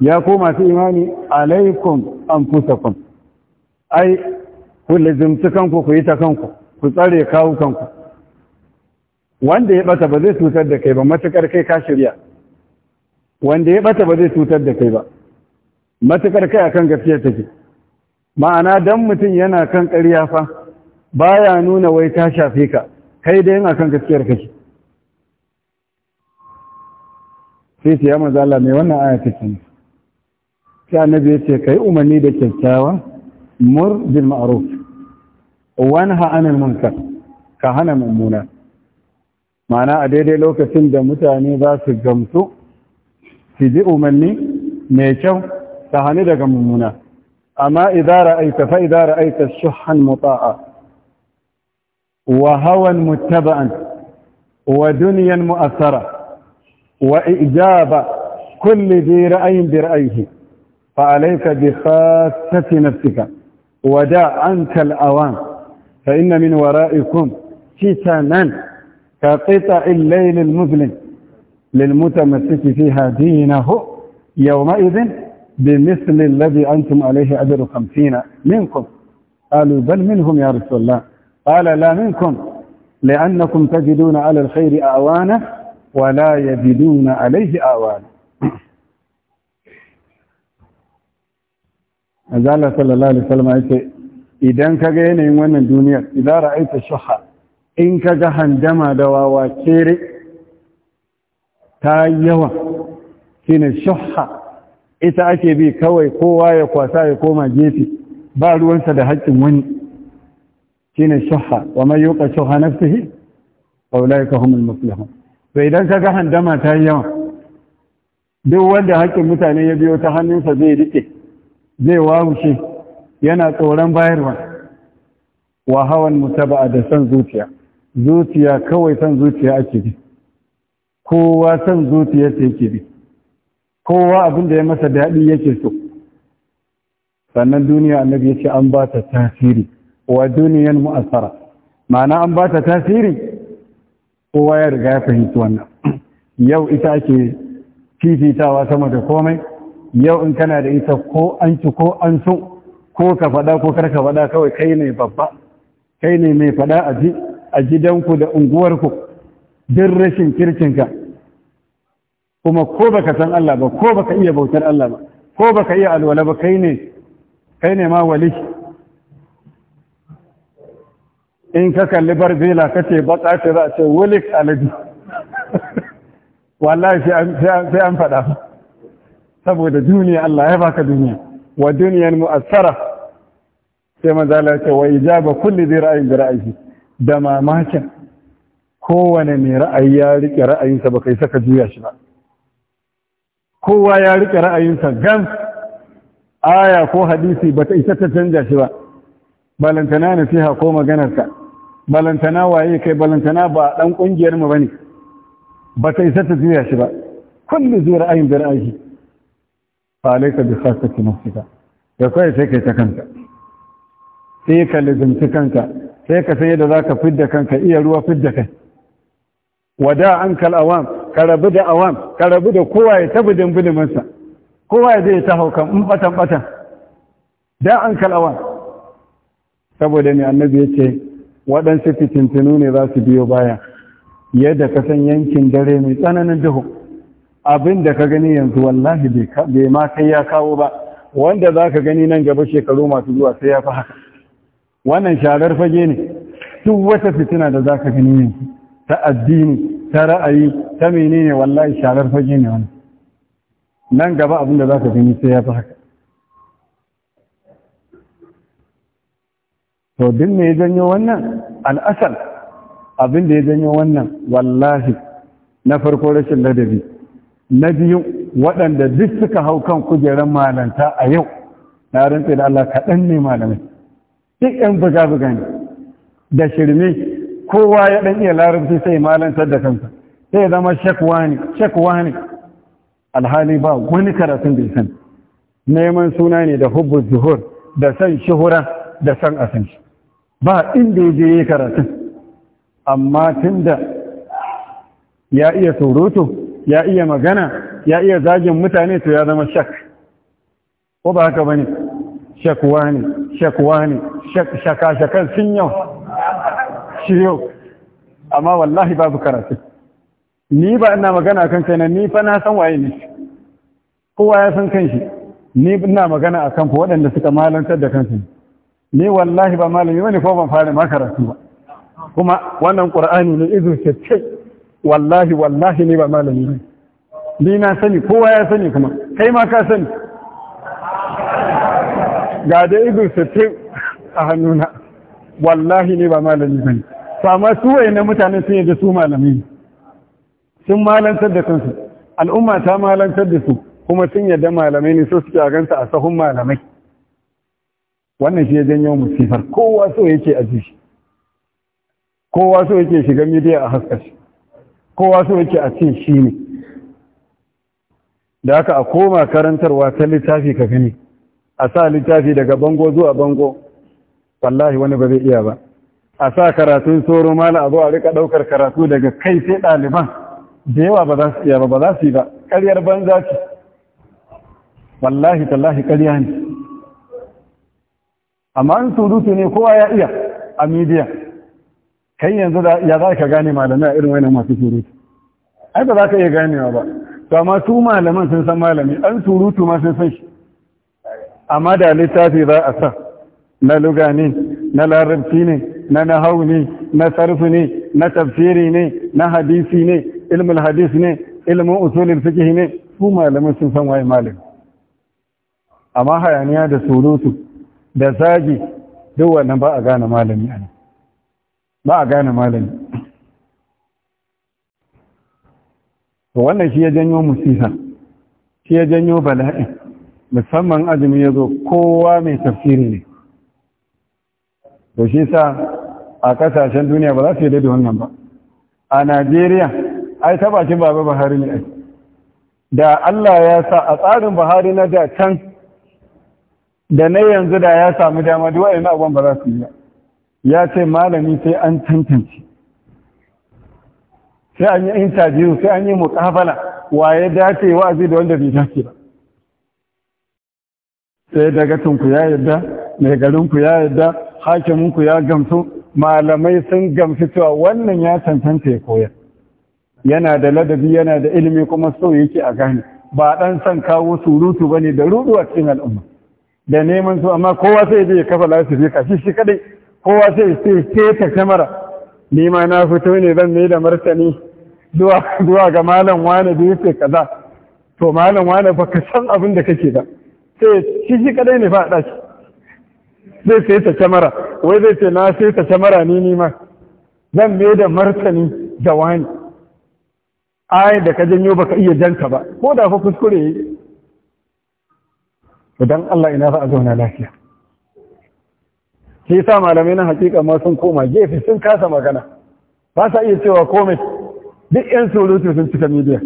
ya ku su imani alaikum an fusakun ai ku lizimci kanku ku yi ta kanku ku tsare kawo kanku wanda ya bata ba zai cutar da kai ba matukar kai ka shirya wanda ya bata ba zai cutar da kai ba matukar kai akan gaskiya take ma'ana dan mutum yana kan ƙarya fa baya nuna wai ta shafe ka kai da yin akan gaskiyar kake sai ta ya maza Allah mai wannan aya take sai annabi ya ce kai umarni da kyakkyawa mur bil ma'ruf wanha anil munkar ka hana mummunar. mana a daidai lokacin da mutane za su gamsu su ji umarni mai kyau ta hannu daga mummuna amma idara aika fa idara aika shuhan muta'a wa hawan muttaba'an wa duniyan mu'assara wa ijaba kulli bi ra'ayin bi ra'ayhi fa alayka bi khassati nafsika wa da anka al-awan fa inna min wara'ikum fitanan كقطع الليل المظلم للمتمسك فيها دينه يومئذ بمثل الذي أنتم عليه أجر خمسين منكم قالوا بل منهم يا رسول الله قال لا منكم لأنكم تجدون على الخير أعوانا ولا يجدون عليه أعوانا أزال صلى الله عليه وسلم إذا كان ينين wannan الدنيا اذا رايت الشحا in ka ga handama da wawa kere ta yawa shi ne shuha ita ake bi kawai kowa ya kwasa ya koma gefe ba ruwansa da haƙƙin wani shi ne shuha wa mai yuka shuha na fi ka idan ka ga handama ta yawa duk wanda haƙƙin mutane ya biyo ta hannunsa zai riƙe zai wawushe yana tsoron bayarwa wa hawan mutaba da son zuciya zuciya kawai san zuciya ake bi kowa san zuciyarsa yake bi kowa abin da ya masa daɗi yake so sannan duniya annabi ya ce an ba ta tasiri wa duniyan mu'asara ma'ana an ba ta tasiri kowa ya riga ya fahimci wannan [CLEARS THROAT] yau ita ake fifitawa sama da komai yau in kana da ita ko an ci ko an so ko ka faɗa ko kar ka faɗa kawai kai ne babba kai ne mai faɗa a ji a gidanku da unguwarku duk rashin kirkinka kuma ko baka san Allah ba ko baka iya bautar Allah ba ko baka iya alwala ba kai ne kai ne ma wali in ka kalli ka ce ba tsafi za a ce wali aladi wallahi sai an faɗa saboda duniya Allah ya baka duniya wa duniyar mu'assara sai manzala ce wa ijaba kulli da ra'ayi. da mamakin kowane mai ra'ayi ya riƙe ra'ayinsa ba kai saka juya shi ba kowa ya riƙe ra'ayinsa gan aya ko hadisi ba ta isa ta canja shi ba balantana na nasiha ko maganarka balantana waye kai balantana ba ɗan kungiyar mu ne. ba ta isa ta juya shi ba kullu zai ra'ayin da ra'ayi ba alayka bi khasati nafsika da kai sai kai ta kanta sai ka lizinci kanka sai ka san yadda za ka fidda kanka iya ruwa fidda kai wada an awam ka rabu da awam ka rabu da kowa ya tabi dimbiliminsa kowa ya zai ta haukan in batan batan da an awam saboda ne annabi ya ce waɗansu fitintinu ne za su biyo baya yadda ka san yankin dare mai tsananin duhu abin da ka gani yanzu wallahi bai ma kai ya kawo ba wanda za ka gani nan gaba shekaru masu zuwa sai ya fi haka wannan sharar fage ne duk wata fitina da za ka gani ne ta addini ta ra'ayi ta ne wallahi sharar fage ne wani. nan gaba abin da za ka gani sai ya fi haka to duk ne ya janyo wannan al'asal abin da ya janyo wannan wallahi na farko rashin ladabi na biyu waɗanda duk suka hau kan kujerar malanta a yau na rantse da Allah kaɗan ne malamai duk yan buga-buga ne da shirme kowa ya ɗan iya larabci sai malantar da kansa sai zama shakwa ne shakwa ne alhali ba wani karatun bai san neman suna ne da hubbu zuhur da san shuhura da san asan ba inda ya je yi karatun amma tun da ya iya surutu ya iya magana ya iya zagin mutane to ya zama shak ko ba haka ne? shakwa ne shakwa ne shaka-shakan sun yau shi yau amma wallahi babu karatu ni ba ina magana kan kaina ni fa na san waye ne kowa ya san kanshi ni ina magana a kanku waɗanda suka malantar da kansu ni wallahi ba malami wani ko ban fara ma karatu ba kuma wannan ƙura'ani ne izu ce wallahi wallahi ni ba malami ne ni na sani kowa ya sani kuma kai ma ka sani ga da izu ce a hannuna wallahi ne ba malami bane to amma su na mutanen sun yadda su malami ne sun malantar da kansu al'umma ta malantar da su kuma sun yadda malamai ne so suke a gansa a sahun malamai wannan shi ya janyo musifar kowa so yake a jishi kowa so yake shiga midiya a haskashi kowa so yake a ce shi ne da haka a koma karantarwa ta littafi ka gani a sa littafi daga bango zuwa bango wallahi wani ba zai iya ba a sa karatun soro mala a zo a rika ɗaukar karatu daga kai sai ɗaliban da yawa ba za su iya ba ba za su yi ba ƙaryar za su wallahi tallahi ƙarya ne amma an surutu ne kowa ya iya a midiya kai yanzu da ya za ka gane malamai a irin wani masu surutu ai ba za ka iya ganewa ba to amma su malaman sun san malami an surutu ma sun san shi amma da littafi za a sa na luga ne na larabci ne na nahau ne na sarfu ne na tafsiri ne na hadisi ne ilmul hadis ne ilmin usulin fikihi ne su malamai sun san waye malami amma hayaniya da surutu da zagi duk wannan ba a gane malami a ba a gane malami wannan shi ya janyo musifa shi ya janyo bala'in musamman azumi ya zo kowa mai tafsiri ne to shi sa a kasashen duniya ba za su yi da wannan ba a najeriya ai ta bakin babu buhari ne da allah ya sa a tsarin buhari na da can da na yanzu da ya samu dama duwa yana abuwan ba za su yi ya ce malami sai an tantance sai an yi interview sai an yi mukafala waye dace wa'azi da wanda bai dace ba sai daga tunku ya yadda mai garinku ya yadda hakiminku ya gamsu malamai sun gamsu cewa wannan ya cancanta ya koyar yana da ladabi yana da ilimi kuma so yake a gane ba dan san kawo surutu bane da rudu a cikin al'umma da neman su amma kowa sai ya kafa lafiya ka shi shi kadai kowa sai ya ce ta kamera ni ma na fito ne zan mai da martani zuwa zuwa ga malam wani da yake kaza to malam wani baka san abin da kake da sai shi shi kadai ne fa a daki zai sai ta samara wai zai ce na sai ta kyamara ni ni ma zan mai da martani da wani ayin da ka janyo baka iya janta ba ko da fa kuskure yi idan Allah ina za a zauna lafiya shi sa malamai na hakika ma sun koma gefe sun kasa magana ba sa iya cewa komai duk yan surutu sun cika midiya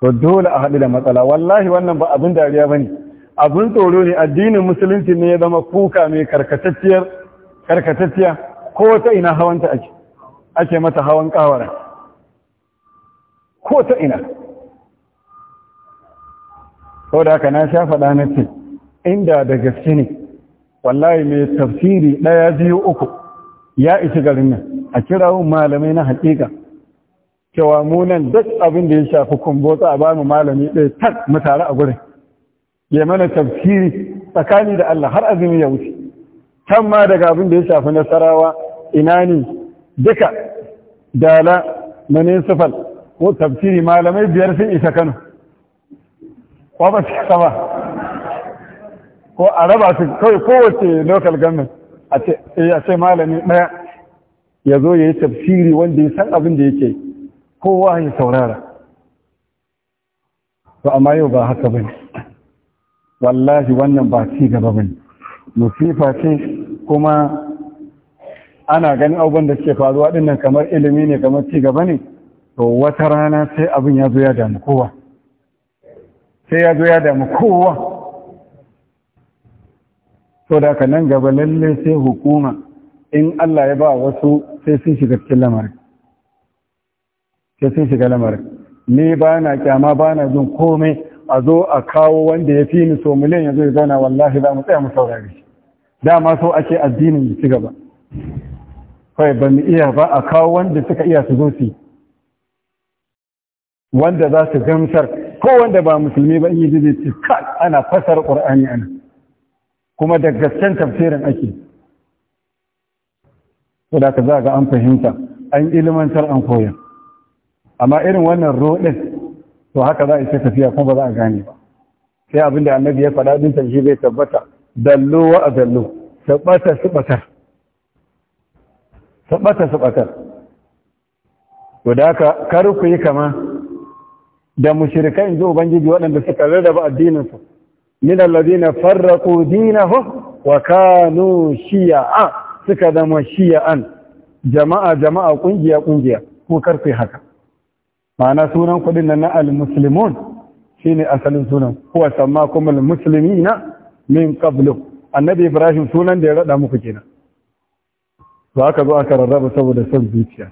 to dole a haɗu da matsala wallahi wannan ba abin dariya ba ne abin tsoro ne addinin musulunci ne ya zama kuka mai karkatacciyar karkatacciya ko ta ina hawanta ake ake mata hawan kawara ko ta ina ko da haka na sha faɗa na ce inda da gaske ne wallahi mai tafsiri ɗaya biyu uku ya ishi garin nan a kirawun malamai na haƙiƙa cewa munan duk abin da ya shafi kumbotsa a ba malami ɗaya tak mu a gurin ya mana tafsiri tsakani da Allah har azumi ya wuce kan ma daga abin da ya shafi nasarawa ina ne duka dala municipal ko tafsiri malamai biyar sun isa Kano ko ba su sama ko a raba su kawai kowace local government eh, a ce malami ɗaya ya zo ya yi tafsiri wanda ya san abin da yake kowa ya saurara to amma yau ba haka bane wallahi wannan ba ci gaba bane musifa ce kuma ana ganin abubuwan da suke faruwa dinnan kamar ilimi ne kamar ci gaba ne to wata rana sai abin ya zo ya damu kowa sai ya zo ya damu kowa to da nan gaba lalle sai hukuma in Allah ya ba wasu sai sun shiga cikin lamarin sai sun shiga lamarin ni ba na kyama ba na jin komai a zo a kawo wanda ya fi ni so miliyan ya zo ya zauna wallahi za mu tsaya mu saurari dama so ake addinin ya ci gaba kai ba mu iya ba a kawo wanda suka iya su zo su wanda za su gamsar ko wanda ba musulmi ba in yi zai ce ana fasar qur'ani ana kuma da gasken tafsirin ake so da ka za ga an fahimta an ilimantar an koya amma irin wannan roɗin to haka za a isa tafiya kuma ba za a gane ba sai abin da annabi ya faɗa din shi zai tabbata dallo wa adallo tabbata su batar tabbata su batar to da kar ku yi kama da mushrikai ji ubangiji waɗanda suka rarraba addinin su min alladhina farraqu dinahum wa kanu shi'a suka zama shi'an jama'a jama'a kungiya kungiya ko kar ku haka ma'ana sunan kuɗin nan na al-muslimun shine asalin sunan kuwa samma kuma al na min qablu annabi ibrahim sunan da ya raɗa muku kenan to aka zo aka rarraba saboda son zuciya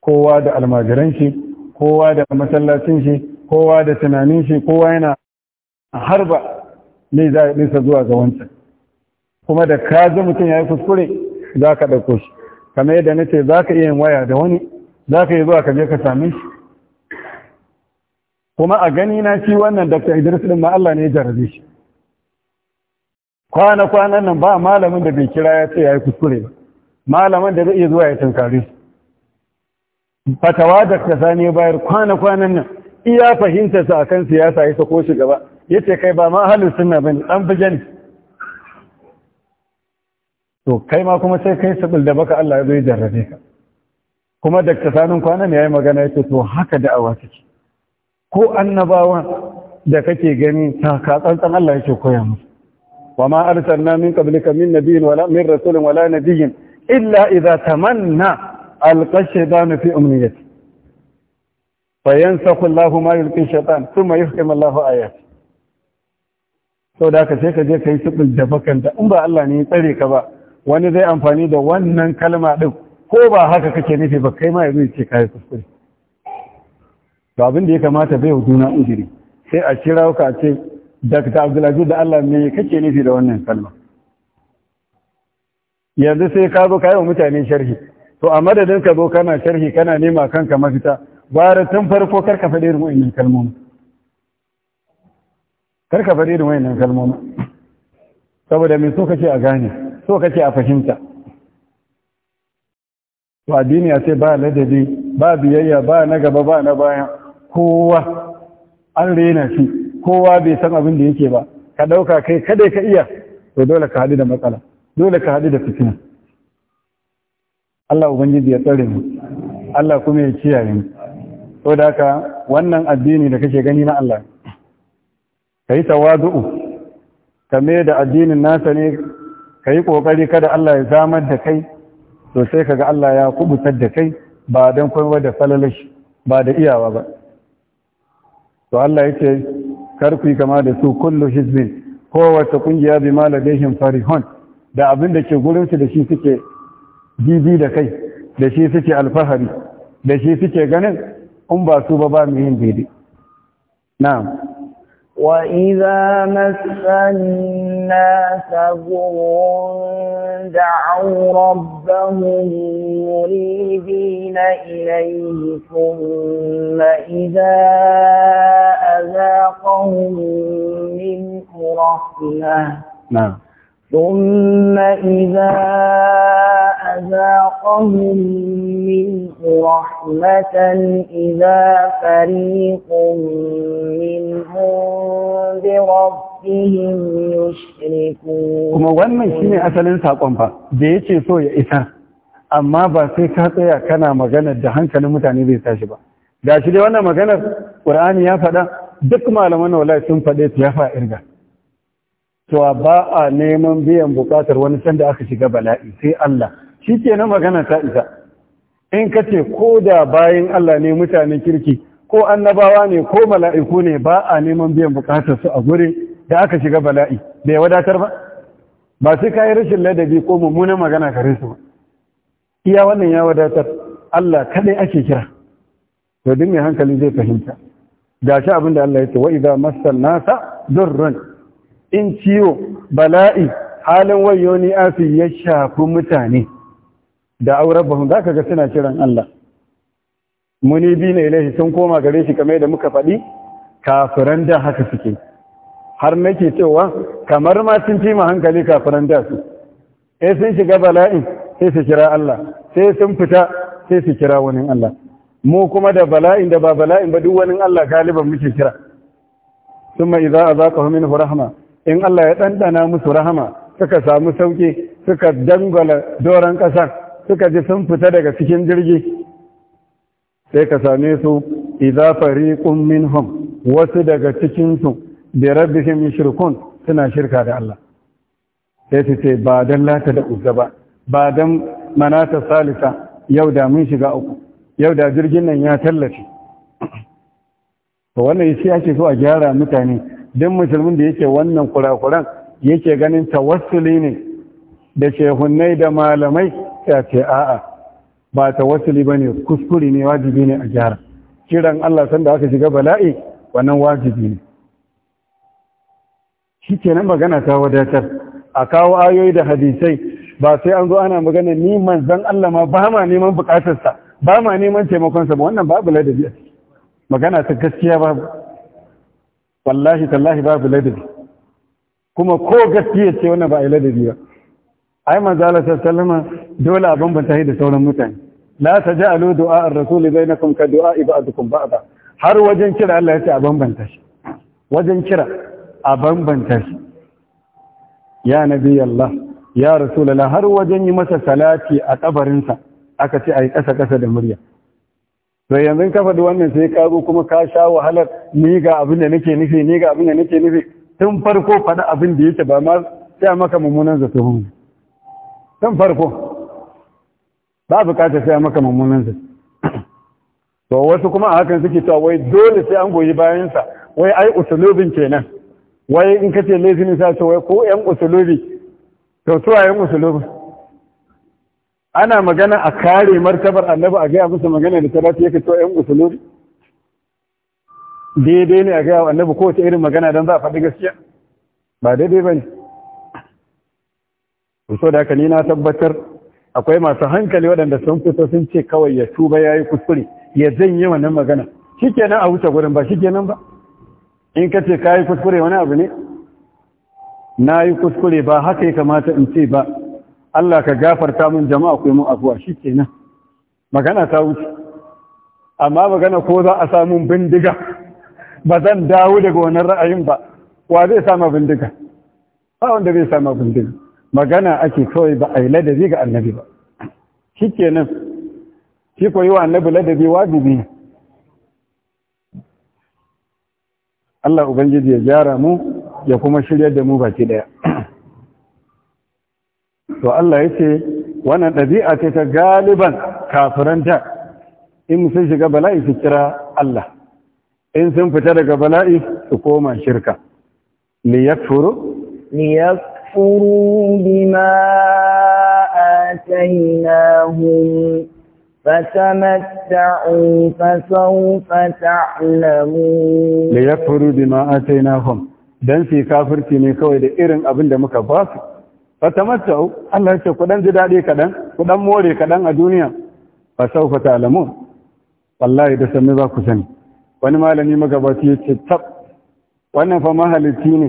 kowa da almajiran shi kowa da masallacin shi kowa da tunanin shi kowa yana harba ne za a nisa zuwa ga wancan kuma da ka mutum ya yi kuskure za ka ɗauko shi kamar yadda na ce za ka iya yin waya da wani za ka yi zuwa ka je ka sami? shi kuma a gani na shi wannan dr idris din ma Allah ne ya jarabe shi kwana kwanan nan ba malamin da bai kira ya ce yayi yi kuskure ba malamin da zai iya zuwa ya tunkare fatawa da ka sani bayar kwana kwanan nan iya fahimta sa akan siyasa ya sako shi gaba yace kai ba ma halin sunna bane an fi to kai ma kuma sai kai sabul da baka Allah ya zo ya jarabe ka kuma dakta kwana kwanan ya yi magana ya ce to haka da'awa take ko annabawa da kake gani taka tsantsan Allah yake koya musu wa ma arsalna min qablika min nabiyyin wala min rasulin wala nabiyyin illa idza tamanna alqa shaytanu fi umniyati fayansakhu Allahu ma yulqi shaytan thumma yuhkimu Allahu ayati sau da aka sai ka je ka yi tubul da bakanta in ba Allah ne ya tsare ka ba wani zai amfani da wannan kalma ɗin ko ba haka kake nufi ba kai ma yanzu ce kayi kuskure to abin da ya kamata bai juna ujiri sai a kira ka ce Dr. Abdulaziz da Allah me kake nufi da wannan kalma yanzu sai ka zo kayi wa mutane sharhi to a madadin ka zo kana sharhi kana nema kanka mafita bara tun farko kar ka faɗi irin wannan kalmomi kar ka faɗi irin wannan kalmomi saboda me so kace a gane so kace a fahimta to addini ya ce ba ladabi ba biyayya ba na gaba ba na baya kowa an rena shi kowa bai san abin da yake ba ka ɗauka kai kada ka iya to dole ka haɗu da matsala dole ka haɗu da fitina Allah ubangiji ya tsare mu Allah kuma ya kiyaye mu to da haka wannan addini da kake gani na Allah kai tawadu'u kame da addinin nasa ne kai kokari kada Allah ya zamar da kai Sosai sai kaga Allah ya kubutar da kai ba don kwaiwa da falalish ba da iyawa ba to Allah ya ce karku yi kama da su kullu hizbin kowace kungiya bi ma ladaihim farihun da abin da ke gurin su da shi suke bibi da kai da shi suke alfahari da shi suke ganin in ba su ba ba mu yin daidai na'am وإذا مس الناس ضر دعوا ربهم منيبين إليه ثم إذا أذاقهم منه رحمة نعم. ثم إذا فأذاقهم منه رحمة إذا فريق منهم بربهم يشركون kuma wannan shine asalin saƙon fa da yace so ya isa amma ba sai ka tsaya kana maganar da hankalin mutane bai tashi ba da shi dai wannan maganar ƙur'ani ya faɗa duk malaman wallahi sun faɗe ta ya fa To cewa ba a neman biyan buƙatar wani can da aka shiga bala'i sai Allah shi ke na magana ta isa in ka ce ko da bayan Allah ne mutanen kirki ko annabawa ne ko mala'iku ne ba a neman biyan bukatar su a gurin da aka shiga bala'i bai wadatar ba ba sai ka rashin ladabi ko mummunan magana kare su ba iya wannan ya wadatar Allah kaɗai ake kira to duk mai hankali zai fahimta shi abin da Allah ya ce wa idza massan nasa durrun in ciwo bala'i halin wayo ni afi ya shafi mutane da auren bahun za ka ga suna kiran Allah muni bi ne ilahi sun koma gare shi kamar da muka faɗi kafiran da haka suke har nake cewa kamar ma sun fi ma hankali kafiran da su sai eh, sun shiga bala'in sai su kira Allah sai sun fita sai su kira wani Allah mu kuma da bala'in da ba bala'in ba duk wani Allah galiban muke kira summa idza azaqahu minhu rahma in Allah ya dandana musu rahama suka samu sauki suka dangwala doran kasar suka ji sun fita daga cikin jirgi sai ka same su idza fariqun minhum wasu daga cikin su bi rabbihim yushrikun suna shirka da Allah sai su ce ba dan lata da uzza ba ba dan manata salisa yau da mun shiga uku yau da jirgin nan ya tallafi to wannan shi ce so a gyara mutane dan musulmin da yake wannan kurakuran yake ganin tawassuli ne da shehunnai da malamai ya ce a'a ba ta wasili ba ne kuskuri ne wajibi ne a gyara kiran Allah sanda aka shiga bala'i wannan wajibi ne shi kenan magana ta wadatar a kawo ayoyi da hadisai ba sai an zo ana magana ni zan Allah ma ba ma neman bukatarsa ba ma neman taimakonsa ba wannan babu ladabi magana ta gaskiya babu wallahi tallahi babu ladabi kuma ko gaskiya ce wannan ba a yi ladabi ba ai manzala sallama dole a bambanta shi da sauran mutane la taj'alu du'a ar-rasul bainakum ka du'a ibadukum ba'da har wajen kira Allah yace ce a bambanta shi wajen kira a bambanta shi ya nabi Allah ya rasulullah har wajen yi masa salati a sa aka ce ai kasa kasa da murya to yanzu ka fadi wannan sai ka zo kuma ka sha wahalar ni ga abin da nake nufi ni ga abin da nake nufi tun farko faɗi abin da yake ba ma sai maka mummunan zato kan farko ba bukatar sai maka mummunan to wasu kuma a hakan suke cewa wai dole sai an goyi bayansa wai ai usulubin kenan wai in kace laifin sa to wai ko yan usulubi to su yan usulubi ana magana a kare martabar annabi a gaya musu magana da talata yake to yan usulubi daidai ne a gaya annabi ta irin magana don za a faɗi gaskiya ba daidai ba ne so da haka ni na tabbatar akwai masu hankali waɗanda sun fito sun ce kawai ya tuba ya yi kuskure ya janye wannan magana shi kenan a wuce gurin ba shi kenan ba in ka ce ka yi kuskure wani abu ne na yi kuskure ba haka ya kamata in ce ba Allah ka gafarta min jama'a ku yi mun afuwa shi kenan magana ta wuce amma magana ko za a samu bindiga ba zan dawo daga wannan ra'ayin ba wa zai sama bindiga ba wanda zai sama bindiga magana ake kawai ba a yi ladabi ga annabi ba shi kenan shi ko yi wa annabi ladabi wajibi Allah Ubangiji ya gyara mu ya kuma shirya da mu baki daya to Allah ya ce wannan ɗabi'a ce ta galiban kafiranta in sun shiga bala'i su kira Allah in sun fita daga bala'i su koma shirka liyakfuru liyar ليكفروا بما آتيناهم فتمتعوا فسوف تعلمون ليكفروا بما آتيناهم dan su kafirci ne kawai da irin abin da muka ba su fatamattau Allah ce ku ɗan ji dadi kadan ku ɗan more kaɗan a duniya fa sawfa alamu? wallahi da sanni za ku sani wani malami magabaci yace tab wannan fa mahalici ne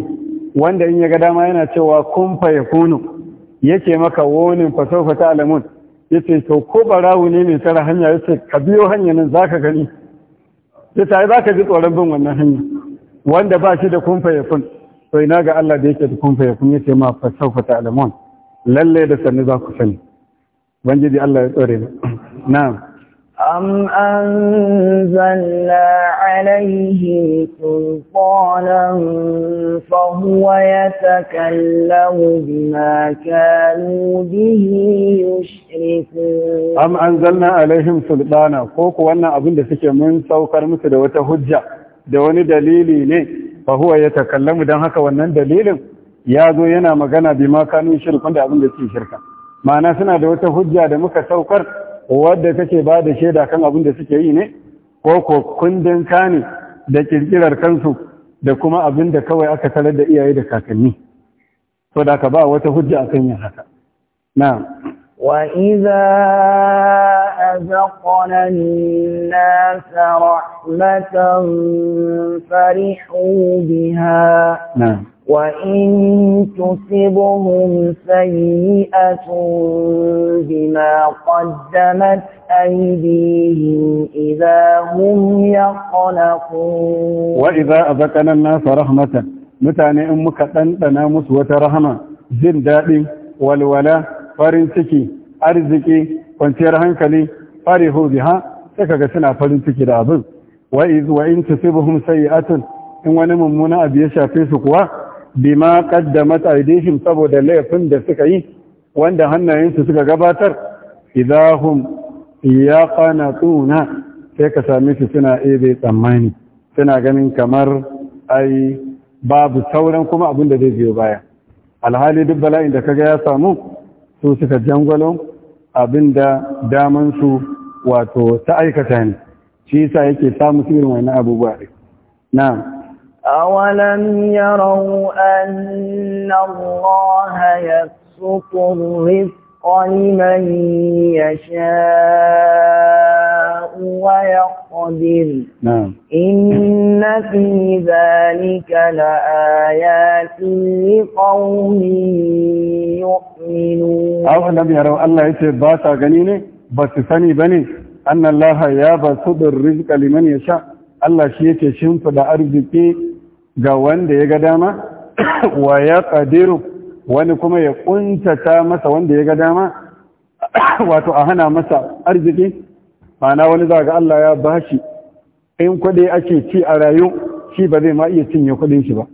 wanda in ya ga dama yana cewa kun fayakunu yake maka wonin fasofa ta alamun yace to ko barawu ne mai tsara hanya yace ka biyo hanyar nan zaka gani yace ai zaka ji tsoron bin wannan hanya wanda ba shi da kun fayakun to ina ga Allah da yake da kun fayakun yace ma fasofa ta alamun lalle da sanni za ku sani ubangiji Allah ya tsore na'am Am anzanna alaihi shi kurkona, kahuwa ya takalma mu bimata, mu bihi ya shirka. Am wannan abin da suke mun saukar musu da wata hujja da wani dalili ne, kahuwa ya takallamu don haka wannan dalilin? Ya zo yana magana biyu maka nuna shirin abin da suke shirka, ma'ana suna da wata hujja da muka saukar. wadda kake ba da shaida kan abin da suke yi ne ko ko kundin ka ne da kirkirar kansu da kuma abin da kawai aka sanar da iyaye da kakanni to da ka ba wata hujja akan yin haka na'am وَإِذَا farihu biha na'am وإن تصبهم سيئة بما قدمت أيديهم إذا هم يقلقون وإذا أذكنا الناس رحمة متعني أمك أنتنا مسوة رحمة زنداد والولا فرنسكي أرزكي kwanciyar hankali farihu biha sai kaga suna farin ciki da abin wa iz wa in tusibuhum sayi'atun in wani mummuna abu ya shafe su kuwa bima qaddamat aydihim saboda laifin da suka yi wanda hannayensu suka gabatar idahum yaqanatuna sai ka same su suna ebe tsammani suna ganin kamar ai babu sauran kuma abin da zai biyo baya alhali duk bala'in da kaga ya samu su suka jangwalo abin da daman su wato ta aikata ne shi yasa yake samu irin wannan abubuwa na'am أولم يروا أن الله يبسط الرزق لمن يشاء ويقدر نعم. إن في ذلك لآيات لقوم يؤمنون أولم يروا الله يتباتا غنيني بس سني بني أن الله يبسط الرزق لمن يشاء Allah shi yake shimfida arziki ga wanda ya ga dama [COUGHS] wa ya ƙadiru wani kuma ya ƙuntata masa wanda ya ga dama [COUGHS] wato a hana masa arziki na wani za ga Allah ya bashi in kuɗi ake ci a rayu shi ba zai ma iya cinye kuɗin shi ba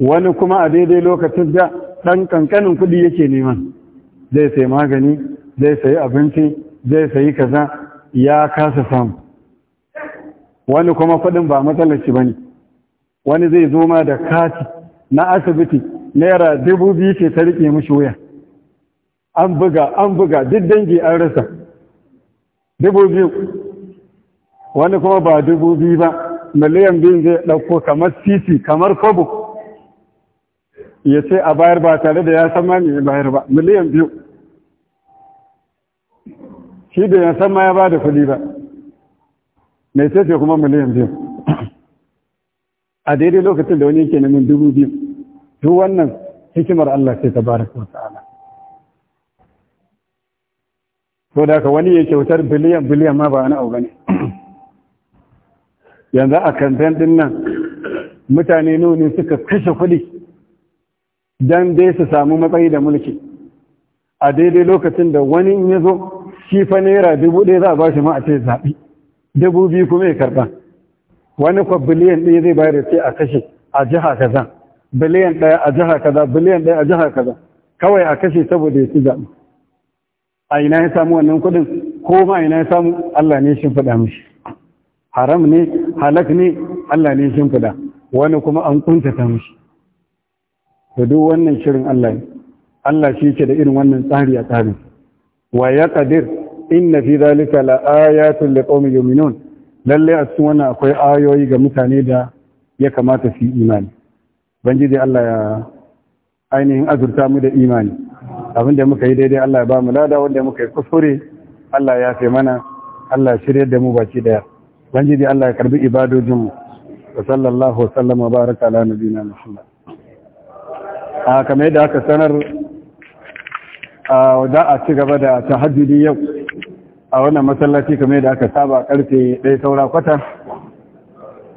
wani kuma a daidai lokacin da ɗan ƙanƙanin kuɗi yake neman zai sai magani zai sayi abinci zai sayi kaza ya kasa samu wani kuma kuɗin ba matsalar shi ba ne wani zai zo ma da kati na asibiti naira dubu biyu ce ta rike mishi wuya an buga an buga duk dangi an rasa dubu biyu wani kuma ba dubu biyu ba miliyan biyu zai ɗauko kamar titi kamar kobo ya ce a bayar ba tare da ya san ma ya bayar ba miliyan biyu shi da ya san ma ya ba da kuɗi ba mai ce kuma miliyan biyu a daidai lokacin da wani yake neman dubu biyu duk wannan hikimar Allah ce ta baraka wa ta'ala Ko da ka wani ya kyautar biliyan biliyan ma ba wani abu bane [CLEARS THROAT] yanzu a kan din nan mutane nuni suka kashe kuɗi don dai su samu matsayi da mulki a daidai lokacin da wani ya zo shi fa naira dubu ɗaya za a ba shi ma a ce zaɓi dubu biyu kuma ya karɓa wani kwa biliyan ɗaya zai bayar da ce a kashe a jiha kaza biliyan ɗaya a jiha kaza biliyan ɗaya a jiha kaza kawai a kashe saboda ya ci zaɓe a ina ya samu wannan kuɗin ko ma ina ya samu Allah ne shin faɗa mishi haram ne halak ne Allah ne shin faɗa wani kuma an kuntata mishi to duk wannan shirin Allah ne Allah shi ke da irin wannan tsari a tsarin wa ya qadir inna fi dhalika la ayatun liqaumin yu'minun Lallai a cikin wannan akwai ayoyi ga mutane da ya kamata su yi imani ubangiji Allah ya ainihin azurta mu da imani abin da muka yi daidai Allah ya ba mu lada wanda muka yi kuskure Allah ya fi mana Allah ya shirya da mu baki daya ubangiji Allah ya karbi ibadojin mu wa sallallahu wa sallama baraka ala nabiyina muhammad a kamar yadda aka sanar a da a ci gaba da tahajjudi yau a wannan masallaci kame da aka saba karfe ɗaya saura kwata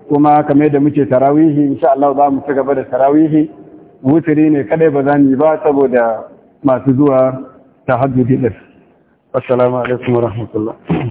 kuma kame da muke tarawihi insha Allah za mu ci gaba da tarawihi wuturi ne kadai ba za mu ba saboda masu zuwa hajjudi din assalamu alaikum wa rahmatullah